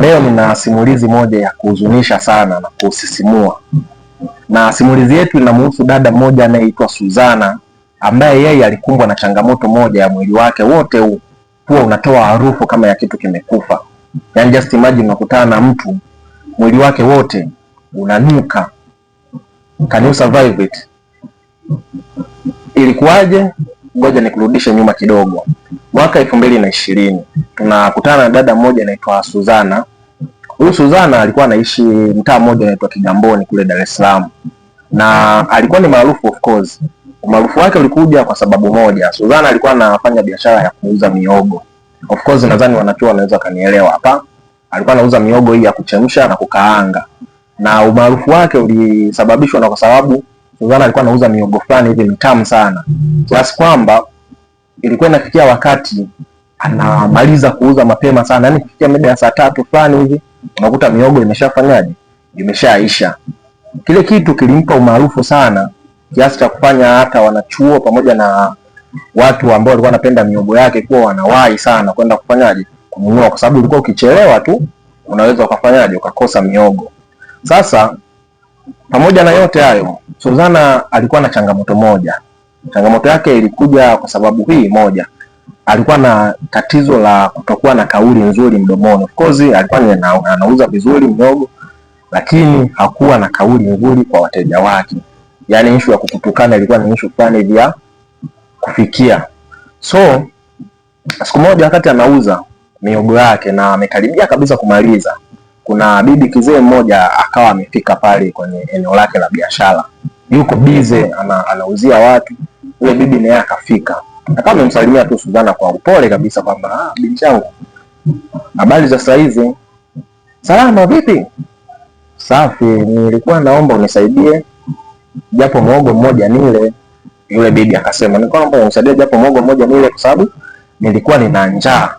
Leo nina simulizi moja ya kuhuzunisha sana na kusisimua, na simulizi yetu inamhusu dada mmoja anayeitwa Suzana ambaye yeye alikumbwa na changamoto moja ya mwili wake wote huu huwa unatoa harufu kama ya kitu kimekufa. Yani just imagine unakutana na mtu mwili wake wote unanuka. Can you survive it? Ilikuwaje? Ngoja nikurudishe nyuma kidogo mwaka elfu mbili na ishirini tunakutana na dada mmoja anaitwa Suzana. Huyu Suzana alikuwa anaishi mtaa mmoja anaitwa Kigamboni kule Dar es Salaam, na alikuwa ni maarufu of course. Umaarufu wake ulikuja kwa sababu moja, Suzana alikuwa anafanya biashara ya kuuza miogo. Of course nadhani wanachuo wanaweza kanielewa hapa. Alikuwa anauza miogo hii ya kuchemsha na kukaanga, na umaarufu wake ulisababishwa na kwa sababu Suzana alikuwa anauza miogo fulani hivi mitamu sana kiasi kwamba ilikuwa inafikia wakati anamaliza kuuza mapema sana, yani kufikia mida ya saa tatu fulani hivi unakuta miogo imeshafanyaje, imeshaisha. Kile kitu kilimpa umaarufu sana kiasi cha kufanya hata wanachuo pamoja na watu ambao walikuwa wanapenda miogo yake kuwa wanawahi sana kwenda kufanyaje, kununua, kwa sababu ulikuwa ukichelewa tu unaweza ukafanyaje, ukakosa miogo. Sasa pamoja na yote hayo, Suzana alikuwa na changamoto moja Changamoto yake ilikuja kwa sababu hii moja, alikuwa na tatizo la kutokuwa na kauli nzuri mdomoni. Of course alikuwa anauza vizuri mdogo, lakini hakuwa na kauli nzuri kwa wateja wake. Yani issue ya kukutukana ilikuwa ni issue fulani hivi ya kufikia. So siku moja, wakati anauza miogo yake na amekaribia kabisa kumaliza, kuna bibi kizee mmoja akawa amefika pale kwenye eneo lake la biashara, yuko bize ana, anauzia watu yule bibi naye akafika, akawa amemsalimia tu Suzana kwa upole kabisa kwamba ah, binti yangu, habari za sasa hivi? Salama. Vipi? Safi. Nilikuwa naomba unisaidie japo mwogo mmoja nile. Yule bibi akasema nilikuwa naomba unisaidie japo mwogo mmoja nile, kwa sababu nilikuwa nina njaa.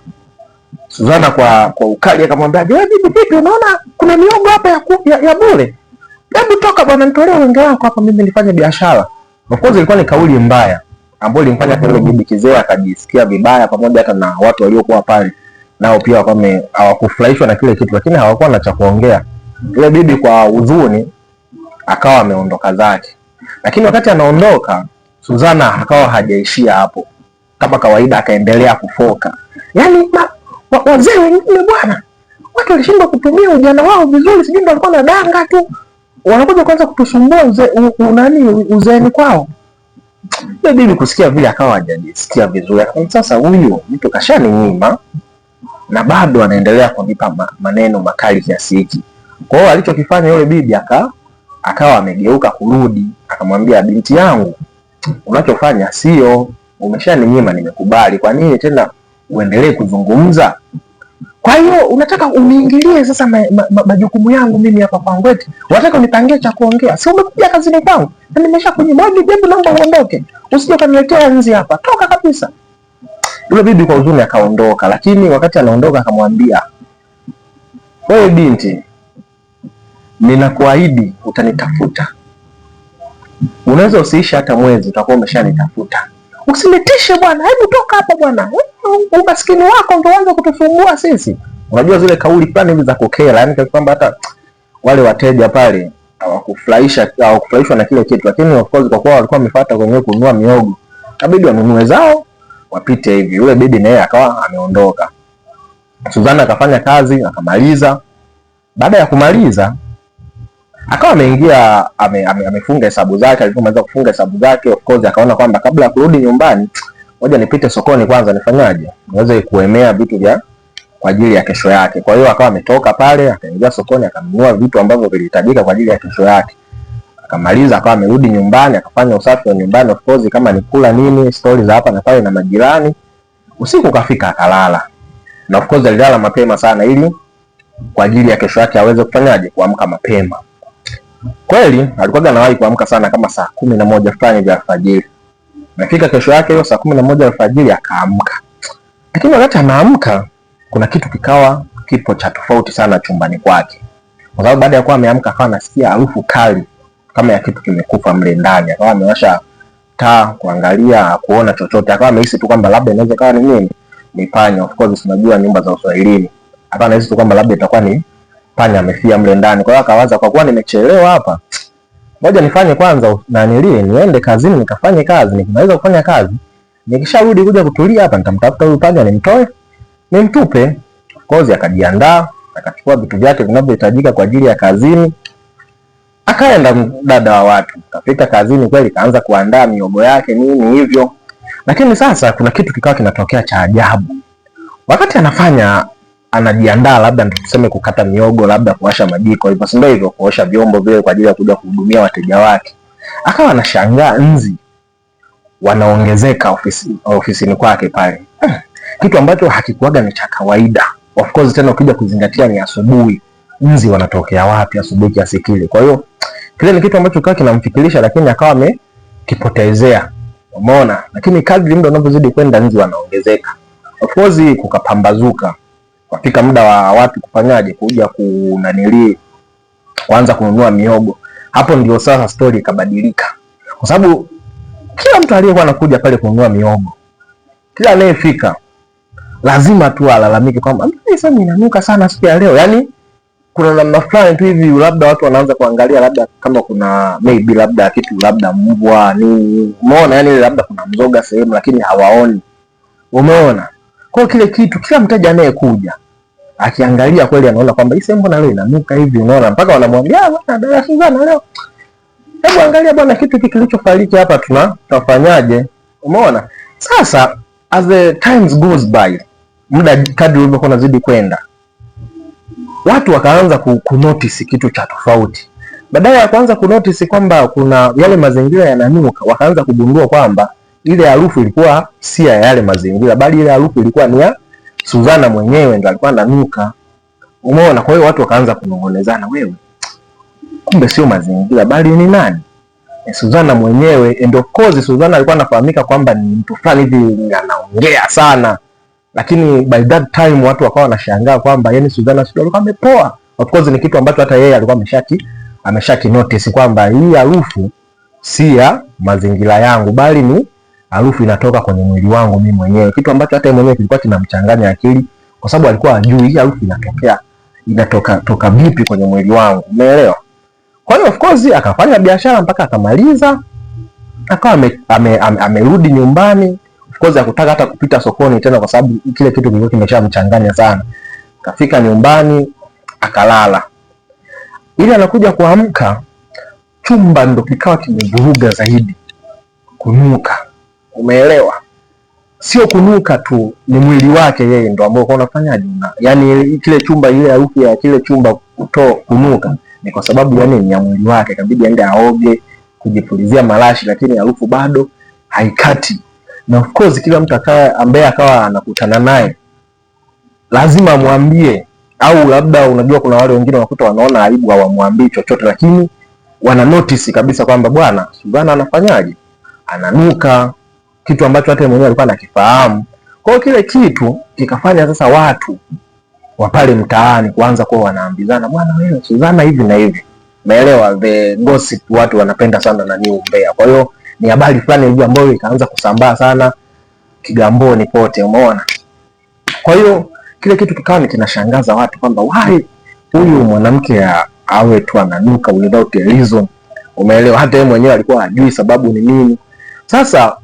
Suzana kwa kwa ukali akamwambia, wewe bibi, vipi, unaona kuna miogo hapa ya, ya, ya bure? Hebu toka bwana, nitolee wenge wako hapa, mimi nilifanya biashara Of course ilikuwa ni kauli mbaya ambayo ilimfanya Bibi Kizee akajisikia vibaya, pamoja hata na watu waliokuwa pale nao pia hawakufurahishwa na kile kitu, lakini hawakuwa na cha kuongea. Yule bibi kwa huzuni akawa ameondoka zake, lakini wakati anaondoka, Suzana akawa hajaishia hapo, kama kawaida akaendelea kufoka. Yani wazee wengine bwana, watu walishindwa kutumia ujana wao vizuri, sijui ndio walikuwa na danga tu wanakuja kwanza kutusumbua uze, nani uzeni kwao. Bibi kusikia vile akawa hajajisikia vizuri, akaona sasa huyu mtu kashaninyima na bado anaendelea kunipa ma, maneno makali kiasi hiki. Kwa hiyo alichokifanya yule bibi aka akawa amegeuka kurudi, akamwambia binti yangu, unachofanya sio, umeshaninyima nimekubali, kwa nini tena uendelee kuzungumza? Kwa hiyo unataka uniingilie sasa ma, ma, ma, majukumu yangu mimi hapa Pangweti, unataka unipangie cha kuongea? Si umekuja kazini kwangu na nimesha kwenye ni bibi, naomba uondoke, usije kaniletea nzi hapa, toka kabisa. Yule bibi kwa huzuni akaondoka, lakini wakati anaondoka akamwambia, wewe binti, ninakuahidi utanitafuta. Unaweza usiisha hata mwezi, utakuwa umeshanitafuta. Usinitishe bwana, hebu toka hapa bwana umaskini wako ndo uanze kutusumbua sisi. Unajua zile kauli fulani hivi za kukera, yani kwamba hata wale wateja pale hawakufurahisha hawakufurahishwa na kile kitu, lakini of course kwa kuwa walikuwa wamefuata kwenye kununua miogo, kabidi wanunue zao wapite hivi. Yule bibi naye akawa ameondoka. Suzana akafanya kazi akamaliza. Baada ya kumaliza akawa ameingia amefunga ame, ame hesabu zake. Alipomaliza kufunga hesabu zake, of course akaona kwamba kabla ya kurudi nyumbani ngoja nipite sokoni kwanza nifanyaje, niweze kuemea vitu vya kwa ajili ya kesho yake. Kwa hiyo akawa ametoka pale akaingia sokoni akanunua vitu ambavyo vilihitajika kwa ajili ya kesho yake. Akamaliza akawa amerudi nyumbani akafanya usafi wa nyumbani, of course kama ni kula nini, stories za hapa na pale na majirani. Usiku kafika akalala, na of course alilala mapema sana ili kwa ajili ya kesho yake aweze kufanyaje, kuamka mapema. Kweli alikuwa anawahi kuamka sana kama saa kumi na moja fulani vya alfajiri. Nafika kesho yake hiyo saa kumi na moja alfajiri akaamka, lakini wakati anaamka kuna kitu kikawa kipo cha tofauti sana chumbani kwake, kwa sababu baada ya kuwa ameamka akawa anasikia harufu kali kama ya kitu kimekufa mle ndani. Akawa amewasha taa kuangalia, kuona chochote, akawa amehisi tu kwamba labda inaweza kawa ni nini, ni panya. Of course tunajua nyumba za Uswahilini, akawa anahisi tu kwamba labda itakuwa ni panya amefia mle ndani. Kwa hiyo akawaza, kwa kuwa nimechelewa hapa ngoja nifanye kwanza nanilii, niende kazini nikafanye kazi. Nikimaliza kufanya kazi, nikisharudi kuja kutulia hapa, nitamtafuta huyu panya nimtoe, nimtupe. Of course akajiandaa, akachukua vitu vyake vinavyohitajika kwa ajili ya kazini, akaenda dada wa watu. Kafika kazini kweli, kaanza kuandaa miogo yake nini hivyo, lakini sasa kuna kitu kikawa kinatokea cha ajabu wakati anafanya anajiandaa labda tuseme kukata miogo, labda kuwasha majiko hivyo, si ndio hivyo, kuosha vyombo vile kwa ajili ya kuja kuhudumia wateja wake. Akawa anashangaa nzi wanaongezeka ofisini ofisini kwake pale, hmm. kitu ambacho hakikuwaga ni cha kawaida. Of course tena ukija kuzingatia ni asubuhi, nzi wanatokea wapi asubuhi kiasi kile? Kwa hiyo kile ni kitu ambacho kawa kinamfikirisha, lakini akawa amekipotezea, umeona. Lakini kadri muda unavyozidi kwenda, nzi wanaongezeka, of course kukapambazuka kufika muda wa watu kufanyaje, kuja kunanili kuanza kununua miogo. Hapo ndio sasa stori ikabadilika, kwa sababu kila mtu aliyekuwa anakuja pale kununua miogo, kila anayefika lazima tu alalamike kwamba sasa ninanuka sana siku ya leo. Yani kuna namna fulani tu hivi, labda watu wanaanza kuangalia, labda kama kuna maybe, labda kitu, labda mbwa ni umeona? Yani labda kuna mzoga sehemu, lakini hawaoni, umeona kwa kile kitu, kila mteja anayekuja akiangalia kweli anaona kwamba hii sehemu nalo inanuka hivi, unaona mpaka wanamwambia ah, bwana dada Suzana leo, hebu angalia bwana kitu hiki kilichofariki hapa, tuna tafanyaje? Umeona sasa, as the times goes by, muda kadri ulivyokuwa unazidi kwenda, watu wakaanza ku, notice kitu cha tofauti, baadaye wakaanza ku notice kwamba kuna yale mazingira yananuka, wakaanza kugundua kwamba ile harufu ilikuwa si ya yale mazingira, bali ile harufu ilikuwa ni ya Suzana mwenyewe ndo alikuwa ananuka. Umeona? Kwa hiyo watu wakaanza kunong'onezana, wewe kumbe sio mazingira bali ni nani? E, Suzana mwenyewe. Eh, ndio kozi. Suzana alikuwa anafahamika kwamba ni mtu fulani hivi anaongea sana, lakini by that time watu wakawa wanashangaa kwamba yani Suzana sio alikuwa amepoa. Of course ni kitu ambacho hata yeye alikuwa ameshaki ameshaki notice kwamba hii harufu si ya mazingira yangu bali ni harufu inatoka kwenye mwili wangu mimi mwenyewe, kitu ambacho hata mwenyewe kilikuwa kinamchanganya akili, kwa sababu alikuwa ajui hii harufu inatokea inatoka toka vipi kwenye mwili wangu, umeelewa? Kwa hiyo of course akafanya biashara mpaka akamaliza, akawa amerudi ame, ame, ame nyumbani. Of course akutaka hata kupita sokoni tena, kwa sababu kile kitu kilikuwa kimeshamchanganya sana. Kafika nyumbani akalala, ili anakuja kuamka chumba ndo kikawa kimevuruga zaidi kunuka Umeelewa? Sio kunuka tu, ni mwili wake yeye ndo ambao unafanyaje, yani kile chumba, ile harufu ya kile chumba kuto kunuka ni kwa sababu yani ni Ya mwili wake. Kabidi aende aoge, kujipulizia marashi, lakini harufu bado haikati. Na of course kila mtu akawa ambaye akawa anakutana naye lazima amwambie, au labda unajua, kuna wale wengine wakuta wanaona aibu, hawamwambii chochote, lakini wana notice kabisa kwamba bwana Suzana anafanyaje, ananuka kitu ambacho hata mwenyewe alikuwa anakifahamu. Kwa hiyo kile kitu kikafanya sasa watu wa pale mtaani kuanza kuwa wanaambizana, bwana wewe Suzana hivi na hivi, umeelewa? The gossip, watu wanapenda sana na nani, umbea. Kwa hiyo ni habari fulani hivi ambayo ikaanza kusambaa sana Kigamboni pote, umeona. Kwa hiyo kile kitu kikawa kinashangaza watu kwamba why huyu mwanamke awe tu ananuka without a reason, umeelewa? Hata yeye mwenyewe alikuwa hajui sababu ni nini. Sasa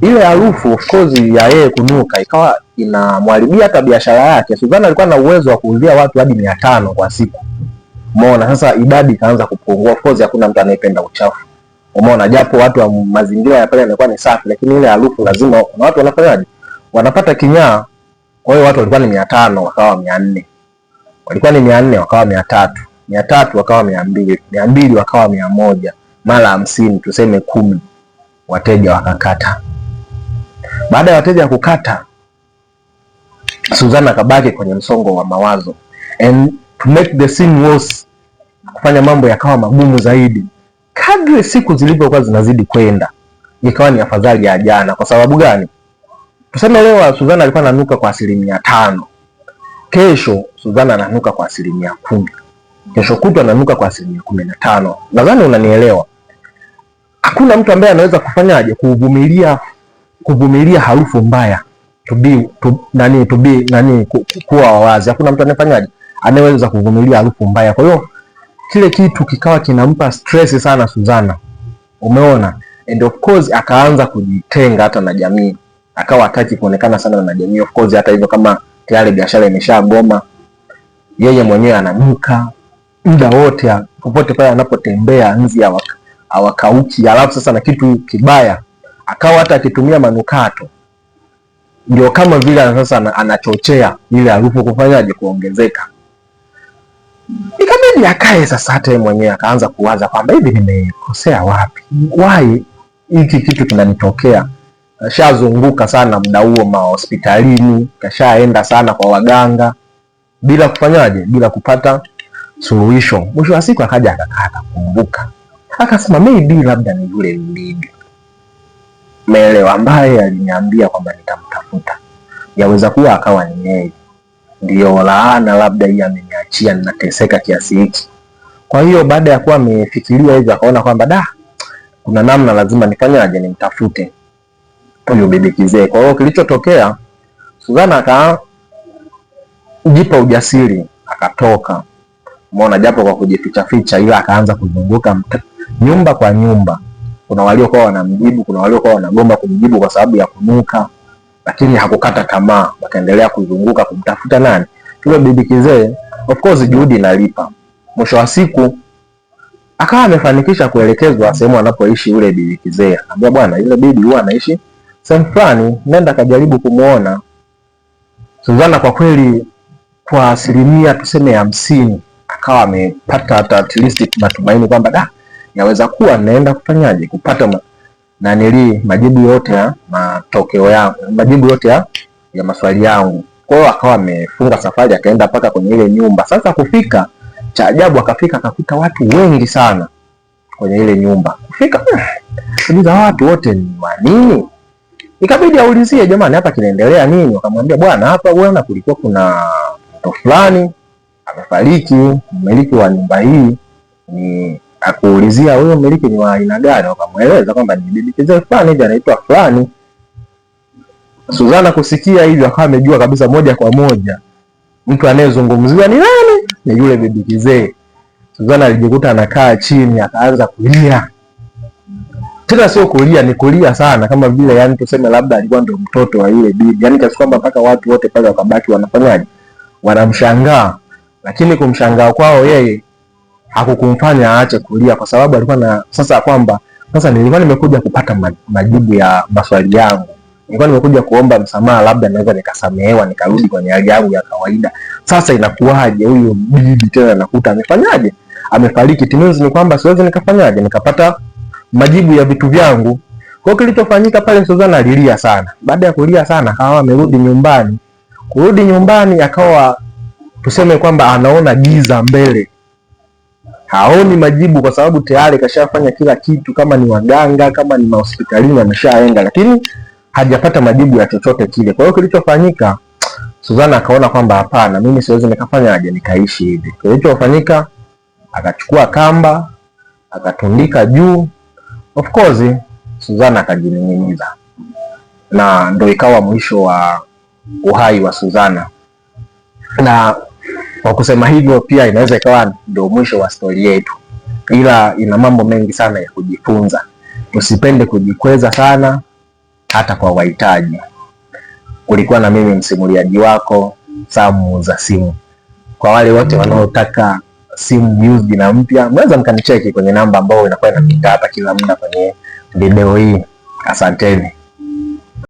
ile harufu of course ya yeye kunuka ikawa inamharibia hata biashara yake. Suzana alikuwa na uwezo wa kuuzia watu hadi mia tano kwa siku, umeona. Sasa idadi ikaanza kupungua, of course hakuna mtu anayependa uchafu, umeona, japo watu wa mazingira ya pale yanakuwa ni safi, lakini ile harufu lazima, kuna watu wanafanyaje, wanapata kinyaa. Kwa hiyo watu walikuwa ni mia tano wakawa mia nne walikuwa ni mia nne wakawa mia tatu mia tatu wakawa mia mbili mia mbili wakawa mia moja mara hamsini tuseme kumi, wateja wakakata baada ya wateja kukata, Suzana akabaki kwenye msongo wa mawazo and to make the scene worse, kufanya mambo yakawa magumu zaidi. Kadri siku zilivyokuwa zinazidi kwenda, ikawa ni afadhali ya jana. Kwa sababu gani? Tuseme leo Suzana alikuwa ananuka kwa asilimia tano, kesho Suzana ananuka kwa asilimia kumi, kesho kutwa ananuka kwa asilimia kumi na tano. Nadhani unanielewa. Hakuna mtu ambaye anaweza kufanyaje kuvumilia kuvumilia harufu mbaya to be, to, nani, to be, nani, kuwa wawazi. Hakuna mtu anayefanyaje anayeweza kuvumilia harufu mbaya. Kwa hiyo kile kitu kikawa kinampa stress sana Suzana, umeona, and of course akaanza kujitenga hata na jamii, akawa hataki kuonekana sana na jamii. Of course hata hivyo, kama tayari biashara imeshagoma, yeye mwenyewe ananuka muda wote, popote pale anapotembea nzi awakauki. Alafu sasa na kitu kibaya akawa hata akitumia manukato ndio kama vile sasa anachochea ile harufu kufanyaje kuongezeka. Ikabidi akae sasa, hata yeye mwenyewe akaanza kuwaza kwamba hivi nimekosea wapi, Why hiki kitu kinanitokea. Kashazunguka sana muda huo mahospitalini, kashaenda sana kwa waganga bila kufanyaje, bila kupata suluhisho. Mwisho wa siku akaja akakaa, akakumbuka, akasema maybe labda ni yule mdigo Maelewa ambaye aliniambia kwamba nitamtafuta, yaweza kuwa akawa ni yeye. ndio laana, labda yeye ameniachia ninateseka kiasi hiki. Kwa hiyo baada ya kuwa amefikiria hivyo, akaona kwamba da, kuna namna lazima nifanyaje, nimtafute huyu bibi kizee. Kwa hiyo kilichotokea, Suzana akajipa ujasiri, akatoka, umeona, japo kwa kujifichaficha, ila akaanza kuzunguka nyumba kwa nyumba kuna waliokuwa wanamjibu, kuna waliokuwa wanagomba kumjibu kwa sababu ya kunuka, lakini hakukata tamaa, wakaendelea kuzunguka kumtafuta nani yule bibi kizee. Of course juhudi inalipa, mwisho wa siku akawa amefanikisha kuelekezwa sehemu anapoishi yule bibi kizee. Anambia bwana, yule bibi huwa anaishi sehemu fulani, nenda kajaribu kumuona. Suzana kwa kweli, kwa asilimia tuseme hamsini akawa amepata hata at least matumaini kwamba da yaweza kuwa naenda kufanyaje kupata ma, nanili majibu yote ya matokeo yangu majibu yote ya, ya maswali yangu. Kwa hiyo akawa amefunga safari akaenda mpaka kwenye ile nyumba. Sasa kufika, cha ajabu akafika akakuta watu wengi sana kwenye ile nyumba. Kufika uliza watu wote ni wa nini? Ikabidi aulizie jamani, hapa kinaendelea nini? Wakamwambia bwana, hapa bwana, kulikuwa kuna mtu fulani amefariki, mmiliki wa nyumba hii ni akuulizia huyo mmiliki ni wa aina gani, wakamweleza kwamba ni bibi kizee fulani hivi anaitwa fulani. Suzana kusikia hivyo akawa amejua kabisa moja kwa moja mtu anayezungumziwa ni nani, ni yule bibi kizee. Suzana alijikuta anakaa chini akaanza kulia, tena sio kulia, ni kulia sana, kama vile yani tuseme labda alikuwa ndio mtoto wa yule bibi, yani kiasi kwamba mpaka watu wote pale wakabaki wanafanyaje, wanamshangaa. Lakini kumshangaa kwao yeye hakukumfanya aache kulia, kwa sababu alikuwa na sasa kwamba sasa nilikuwa nimekuja kupata majibu ya maswali yangu, nilikuwa nimekuja kuomba msamaha, labda naweza nikasamehewa nikarudi kwenye hali yangu ya kawaida. Sasa inakuwaje huyo bibi tena nakuta amefanyaje, amefariki. Timizi ni kwamba siwezi nikafanyaje nikapata majibu ya vitu vyangu. Kwa kilichofanyika pale, Suzana alilia sana. Baada ya kulia sana, akawa amerudi nyumbani. Kurudi nyumbani, akawa tuseme kwamba anaona giza mbele haoni majibu, kwa sababu tayari kashafanya kila kitu, kama ni waganga, kama ni mahospitalini ameshaenda, lakini hajapata majibu ya chochote kile. Kwa hiyo kilichofanyika, Suzana akaona kwamba hapana, mimi siwezi nikafanya aje nikaishi hivi. Kilichofanyika, akachukua kamba akatundika juu, of course Suzana akajining'iniza, na ndo ikawa mwisho wa uhai wa Suzana na kwa kusema hivyo, pia inaweza ikawa ndio mwisho wa stori yetu, ila ina mambo mengi sana ya kujifunza. Usipende kujikweza sana, hata kwa wahitaji. kulikuwa na mimi msimuliaji wako Samu za simu. Kwa wale wote wanaotaka simu used na mpya, mnaweza mkanicheki kwenye namba ambayo inakuwa inapita hapa kila muda kwenye video hii. Asanteni.